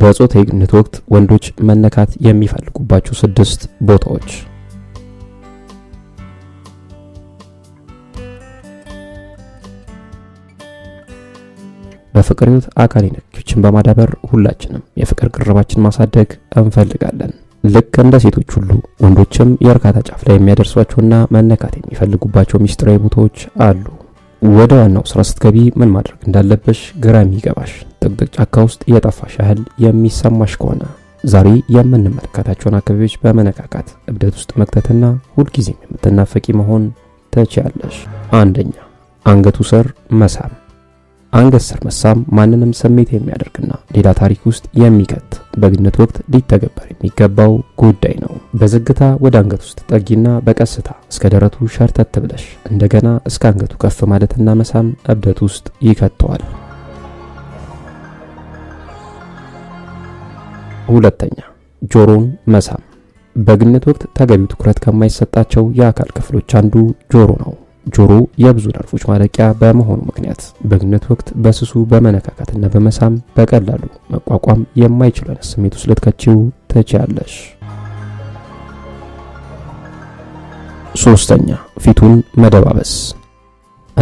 በጾታዊነት ወቅት ወንዶች መነካት የሚፈልጉባቸው ስድስት ቦታዎች። በፍቅር ህይወት አካል በማዳበር ሁላችንም የፍቅር ቅርባችን ማሳደግ እንፈልጋለን። ልክ እንደ ሴቶች ሁሉ ወንዶችም የእርካታ ጫፍ ላይ የሚያደርሷቸውና መነካት የሚፈልጉባቸው ሚስጥራዊ ቦታዎች አሉ። ወደ ዋናው ስራ ስትገቢ ምን ማድረግ እንዳለበሽ ግራም ይገባሽ። ጥቅጥቅ ጫካ ውስጥ የጠፋሽ ያህል የሚሰማሽ ከሆነ ዛሬ የምንመለከታቸውን አካባቢዎች በመነካካት እብደት ውስጥ መክተትና ሁልጊዜም የምትናፈቂ መሆን ትችያለሽ። አንደኛ አንገቱ ስር መሳም። አንገት ስር መሳም ማንንም ስሜት የሚያደርግና ሌላ ታሪክ ውስጥ የሚከት በግነት ወቅት ሊተገበር የሚገባው ጉዳይ ነው። በዝግታ ወደ አንገት ውስጥ ጠጊና በቀስታ እስከ ደረቱ ሸርተት ብለሽ እንደገና እስከ አንገቱ ከፍ ማለትና መሳም እብደት ውስጥ ይከተዋል። ሁለተኛ ጆሮን መሳም። በግነት ወቅት ተገቢው ትኩረት ከማይሰጣቸው የአካል ክፍሎች አንዱ ጆሮ ነው። ጆሮ የብዙ ነርቮች ማለቂያ በመሆኑ ምክንያት በግንኙነት ወቅት በስሱ በመነካካትና በመሳም በቀላሉ መቋቋም የማይችለን ስሜት ውስጥ ልትከቺው ትችያለሽ። ሶስተኛ ፊቱን መደባበስ።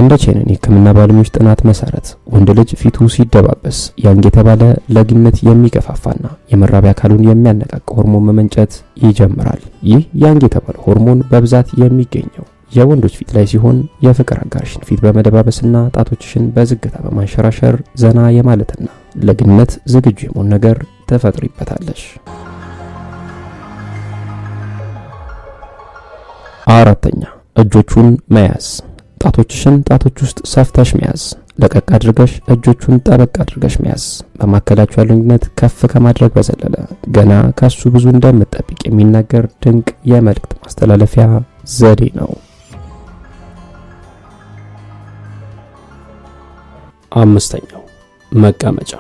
እንደ ቼነኒ ሕክምና ባለሙያዎች ጥናት መሰረት ወንድ ልጅ ፊቱ ሲደባበስ ያንግ የተባለ ለግነት የሚገፋፋና የመራቢያ አካሉን የሚያነቃቅ ሆርሞን መመንጨት ይጀምራል። ይህ ያንግ የተባለ ሆርሞን በብዛት የሚገኘው የወንዶች ፊት ላይ ሲሆን የፍቅር አጋርሽን ፊት በመደባበስና ጣቶችሽን በዝግታ በማንሸራሸር ዘና የማለትና ለግንኙነት ዝግጁ የመሆን ነገር ተፈጥሪበታለሽ። አራተኛ እጆቹን መያዝ። ጣቶችሽን ጣቶች ውስጥ ሰፍተሽ መያዝ ለቀቅ አድርገሽ እጆቹን ጠበቅ አድርገሽ መያዝ በመካከላችሁ ያለውን ከፍ ከማድረግ በዘለለ ገና ከሱ ብዙ እንደምትጠብቅ የሚናገር ድንቅ የመልእክት ማስተላለፊያ ዘዴ ነው። አምስተኛው መቀመጫ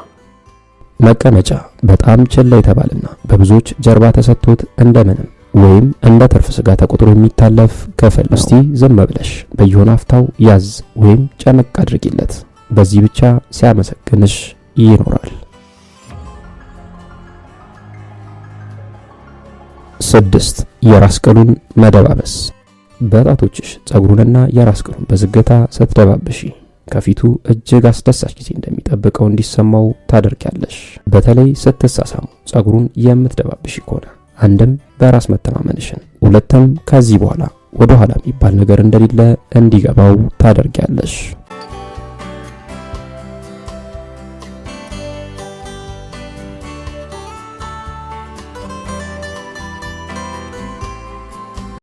መቀመጫ በጣም ችላ የተባለና በብዙዎች ጀርባ ተሰጥቶት እንደምንም ወይም እንደ ትርፍ ስጋ ተቆጥሮ የሚታለፍ ክፍል ነው። እስቲ ዝም ብለሽ በየሆነ አፍታው ያዝ ወይም ጨመቅ አድርጊለት። በዚህ ብቻ ሲያመሰግንሽ ይኖራል። ስድስት የራስ ቅሉን መደባበስ በጣቶችሽ ፀጉሩንና የራስ ቅሉን በዝግታ ስትደባብሽ። ከፊቱ እጅግ አስደሳች ጊዜ እንደሚጠብቀው እንዲሰማው ታደርጊያለሽ። በተለይ ስትሳሳሙ ጸጉሩን የምትደባብሽ ከሆነ አንድም በራስ መተማመንሽን፣ ሁለትም ከዚህ በኋላ ወደ ኋላ የሚባል ነገር እንደሌለ እንዲገባው ታደርጊያለሽ።